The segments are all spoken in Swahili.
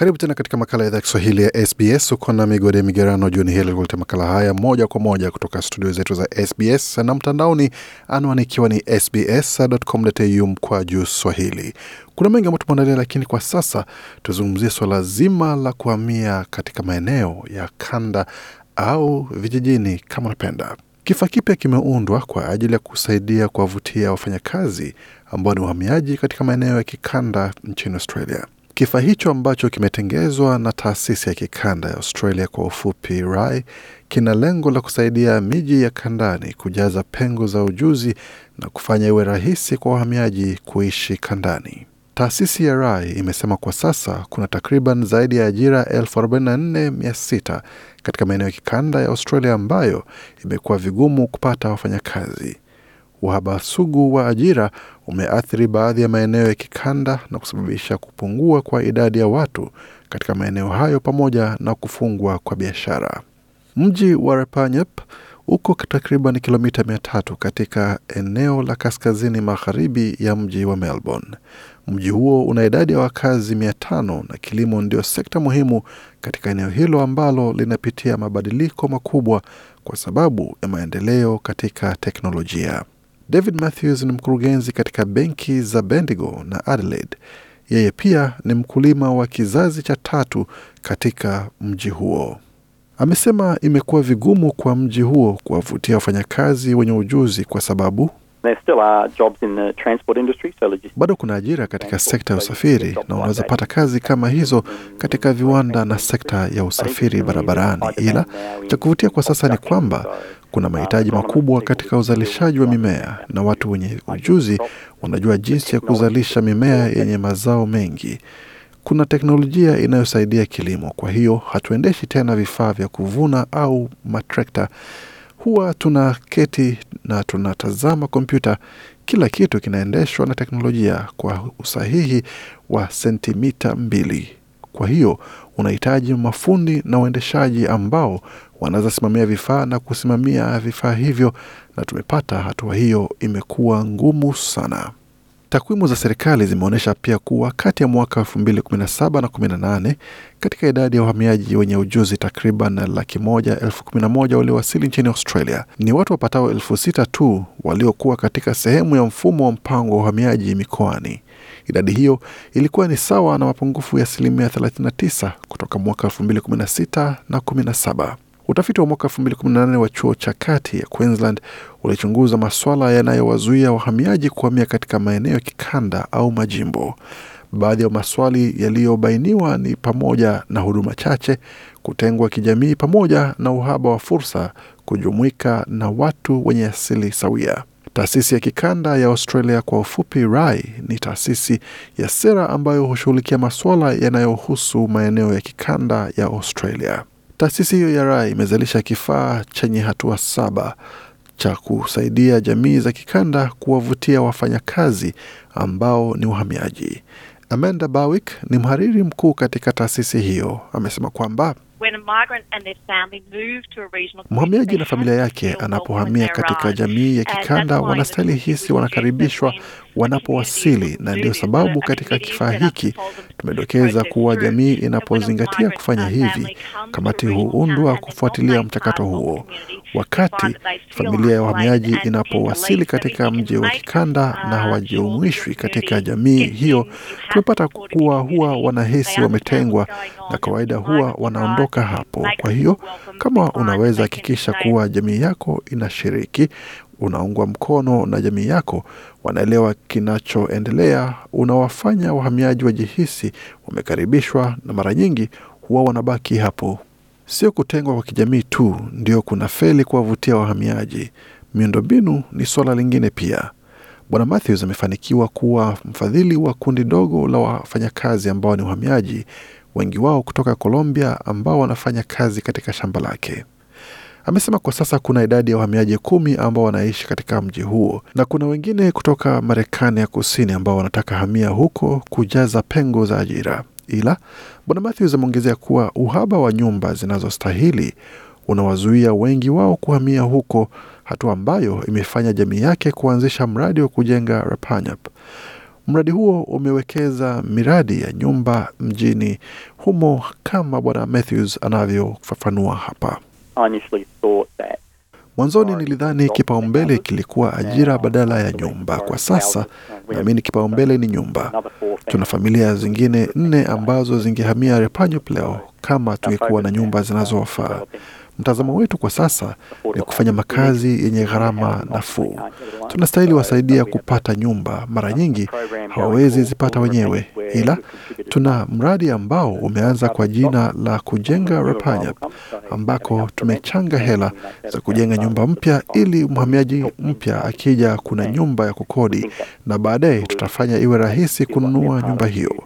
Karibu tena katika makala ya idhaa ya Kiswahili ya SBS. Uko na Migode Migerano jioni hili kuleta makala haya moja kwa moja kutoka studio zetu za SBS na mtandaoni, anwani ikiwa ni sbs.com.au mkwa juu swahili. Kuna mengi ambayo tumeandalia, lakini kwa sasa tuzungumzie suala zima la kuhamia katika maeneo ya kanda au vijijini kama unapenda. Kifaa kipya kimeundwa kwa ajili ya kusaidia kuwavutia wafanyakazi ambao ni wahamiaji katika maeneo ya kikanda nchini Australia. Kifaa hicho ambacho kimetengezwa na taasisi ya kikanda ya Australia kwa ufupi RAI kina lengo la kusaidia miji ya kandani kujaza pengo za ujuzi na kufanya iwe rahisi kwa wahamiaji kuishi kandani. Taasisi ya RAI imesema kwa sasa kuna takriban zaidi ya ajira 44600 katika maeneo ya kikanda ya Australia ambayo imekuwa vigumu kupata wafanyakazi. Uhaba sugu wa ajira umeathiri baadhi ya maeneo ya kikanda na kusababisha kupungua kwa idadi ya watu katika maeneo hayo pamoja na kufungwa kwa biashara. Mji wa Repanyep uko takriban kilomita mia tatu katika eneo la kaskazini magharibi ya mji wa Melbourne. Mji huo una idadi ya wakazi mia tano na kilimo ndio sekta muhimu katika eneo hilo ambalo linapitia mabadiliko makubwa kwa sababu ya maendeleo katika teknolojia. David Matthews ni mkurugenzi katika benki za Bendigo na Adelaide. Yeye pia ni mkulima wa kizazi cha tatu katika mji huo. Amesema imekuwa vigumu kwa mji huo kuwavutia wafanyakazi wenye ujuzi kwa sababu bado kuna ajira katika sekta ya usafiri na unaweza pata kazi kama hizo katika viwanda na sekta ya usafiri barabarani, ila cha kuvutia kwa sasa ni kwamba kuna mahitaji makubwa katika uzalishaji wa mimea, na watu wenye ujuzi wanajua jinsi ya kuzalisha mimea yenye mazao mengi. Kuna teknolojia inayosaidia kilimo, kwa hiyo hatuendeshi tena vifaa vya kuvuna au matrekta. Huwa tunaketi na tunatazama kompyuta. Kila kitu kinaendeshwa na teknolojia kwa usahihi wa sentimita mbili. Kwa hiyo unahitaji mafundi na waendeshaji ambao wanaweza simamia vifaa na kusimamia vifaa hivyo, na tumepata hatua hiyo imekuwa ngumu sana. Takwimu za serikali zimeonyesha pia kuwa kati ya mwaka 2017 na 18 katika idadi ya wahamiaji wenye ujuzi takriban laki moja elfu kumi na moja waliowasili nchini Australia, ni watu wapatao elfu sita tu waliokuwa katika sehemu ya mfumo wa mpango wa uhamiaji mikoani. Idadi hiyo ilikuwa ni sawa na mapungufu ya asilimia 39 kutoka mwaka 2016 na 17. Utafiti wa mwaka 2018 wa chuo cha kati ya Queensland ulichunguza maswala yanayowazuia wahamiaji kuhamia katika maeneo ya kikanda au majimbo. Baadhi ya maswali yaliyobainiwa ni pamoja na huduma chache, kutengwa kijamii, pamoja na uhaba wa fursa kujumuika na watu wenye asili sawia. Taasisi ya kikanda ya Australia kwa ufupi RAI ni taasisi ya sera ambayo hushughulikia masuala yanayohusu maeneo ya kikanda ya Australia. Taasisi hiyo ya Rai imezalisha kifaa chenye hatua saba cha kusaidia jamii za kikanda kuwavutia wafanyakazi ambao ni wahamiaji. Amanda bawick ni mhariri mkuu katika taasisi hiyo, amesema kwamba mhamiaji na familia yake anapohamia katika jamii ya uh, kikanda wanastahili hisi wanakaribishwa wanapowasili, na ndio sababu katika kifaa hiki Tumedokeza kuwa jamii inapozingatia kufanya hivi, kamati huundwa kufuatilia mchakato huo. Wakati familia ya wahamiaji inapowasili katika mji wa kikanda uh, na hawajumuishwi katika jamii hiyo, tumepata kuwa huwa wanahisi wametengwa, na kawaida huwa wanaondoka hapo. Kwa hiyo, kama unaweza hakikisha kuwa jamii yako inashiriki unaungwa mkono na jamii yako, wanaelewa kinachoendelea, unawafanya wahamiaji wajihisi wamekaribishwa, na mara nyingi huwa wanabaki hapo. Sio kutengwa kwa kijamii tu ndio kuna feli kuwavutia wahamiaji. Miundombinu ni swala lingine pia. Bwana Matthews amefanikiwa kuwa mfadhili wa kundi dogo la wafanyakazi ambao ni wahamiaji, wengi wao kutoka Colombia, ambao wanafanya kazi katika shamba lake amesema kwa sasa kuna idadi ya wahamiaji kumi ambao wanaishi katika mji huo na kuna wengine kutoka Marekani ya kusini ambao wanataka hamia huko kujaza pengo za ajira. Ila Bwana Matthews ameongezea kuwa uhaba wa nyumba zinazostahili unawazuia wengi wao kuhamia huko, hatua ambayo imefanya jamii yake kuanzisha mradi wa kujenga Rapanyap. Mradi huo umewekeza miradi ya nyumba mjini humo, kama Bwana Matthews anavyofafanua hapa. Mwanzoni nilidhani kipaumbele kilikuwa ajira badala ya nyumba. Kwa sasa naamini kipaumbele ni nyumba. Tuna familia zingine nne ambazo zingehamia Repanyop leo kama tungekuwa na nyumba zinazofaa. Mtazamo wetu kwa sasa ni kufanya makazi yenye gharama nafuu. Tunastahili wasaidia kupata nyumba, mara nyingi hawawezi zipata wenyewe ila tuna mradi ambao umeanza kwa jina la kujenga Rapanya, ambako tumechanga hela za kujenga nyumba mpya, ili mhamiaji mpya akija, kuna nyumba ya kukodi, na baadaye tutafanya iwe rahisi kununua nyumba hiyo.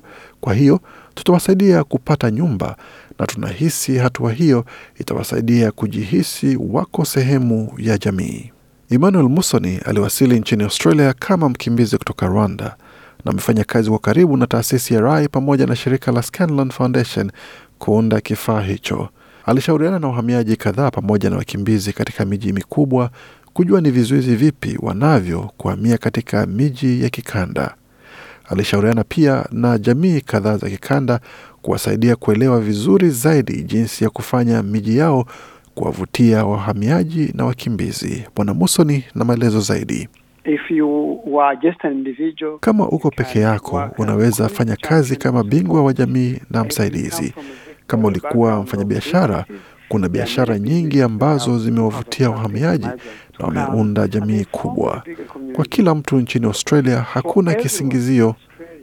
Kwa hiyo tutawasaidia kupata nyumba na tunahisi hatua hiyo itawasaidia kujihisi wako sehemu ya jamii. Emmanuel Musoni aliwasili nchini Australia kama mkimbizi kutoka Rwanda na amefanya kazi kwa karibu na taasisi ya Rai pamoja na shirika la Scanlon Foundation kuunda kifaa hicho. Alishauriana na wahamiaji kadhaa pamoja na wakimbizi katika miji mikubwa kujua ni vizuizi vipi wanavyo kuhamia katika miji ya kikanda. Alishauriana pia na jamii kadhaa za kikanda kuwasaidia kuelewa vizuri zaidi jinsi ya kufanya miji yao kuwavutia wahamiaji na wakimbizi. Bwana Musoni na maelezo zaidi. If you were just an individual, kama uko peke yako unaweza fanya kazi kama bingwa wa jamii na msaidizi. Kama ulikuwa mfanyabiashara, kuna biashara nyingi ambazo zimewavutia wahamiaji na wameunda jamii kubwa. Kwa kila mtu nchini Australia hakuna kisingizio,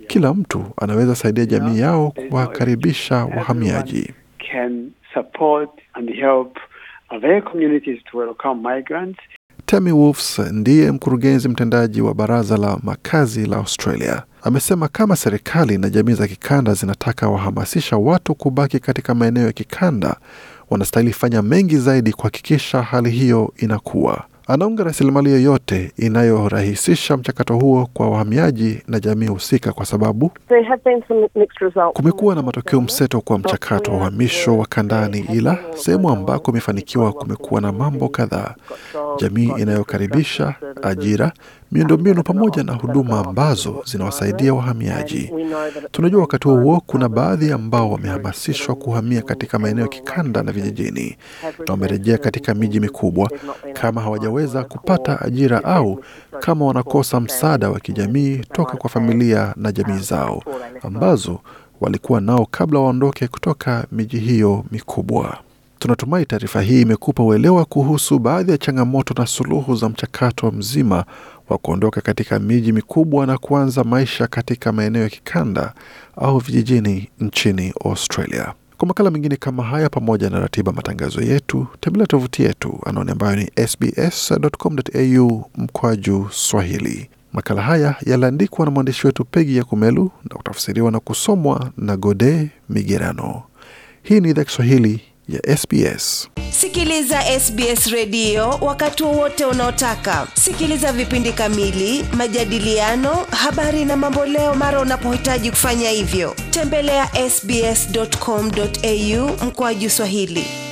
kila mtu anaweza saidia jamii yao kuwakaribisha wahamiaji. Tammy Wolfs ndiye mkurugenzi mtendaji wa baraza la makazi la Australia amesema kama serikali na jamii za kikanda zinataka wahamasisha watu kubaki katika maeneo ya kikanda, wanastahili fanya mengi zaidi kuhakikisha hali hiyo inakuwa anaunga rasilimali yoyote inayorahisisha mchakato huo kwa wahamiaji na jamii husika, kwa sababu kumekuwa na matokeo mseto kwa mchakato wa uhamisho wa kandani, ila sehemu ambako imefanikiwa kumekuwa na mambo kadhaa: jamii inayokaribisha, ajira miundombinu pamoja na huduma ambazo zinawasaidia wahamiaji. Tunajua wakati huo kuna baadhi ambao wamehamasishwa kuhamia katika maeneo ya kikanda na vijijini na wamerejea katika miji mikubwa, kama hawajaweza kupata ajira au kama wanakosa msaada wa kijamii toka kwa familia na jamii zao ambazo walikuwa nao kabla waondoke kutoka miji hiyo mikubwa. Tunatumai taarifa hii imekupa uelewa kuhusu baadhi ya changamoto na suluhu za mchakato mzima wa kuondoka katika miji mikubwa na kuanza maisha katika maeneo ya kikanda au vijijini nchini Australia. Kwa makala mengine kama haya pamoja na ratiba matangazo yetu, tembelea tovuti yetu anaone ambayo ni sbs.com.au mkwaju Swahili. Makala haya yaliandikwa na mwandishi wetu Pegi ya Kumelu na kutafsiriwa na kusomwa na Gode Migerano. Hii ni idhaa Kiswahili ya SBS. Sikiliza SBS redio wakati wowote unaotaka. Sikiliza vipindi kamili, majadiliano, habari na mamboleo mara unapohitaji kufanya hivyo. Tembelea ya sbs.com.au mkoaju Swahili.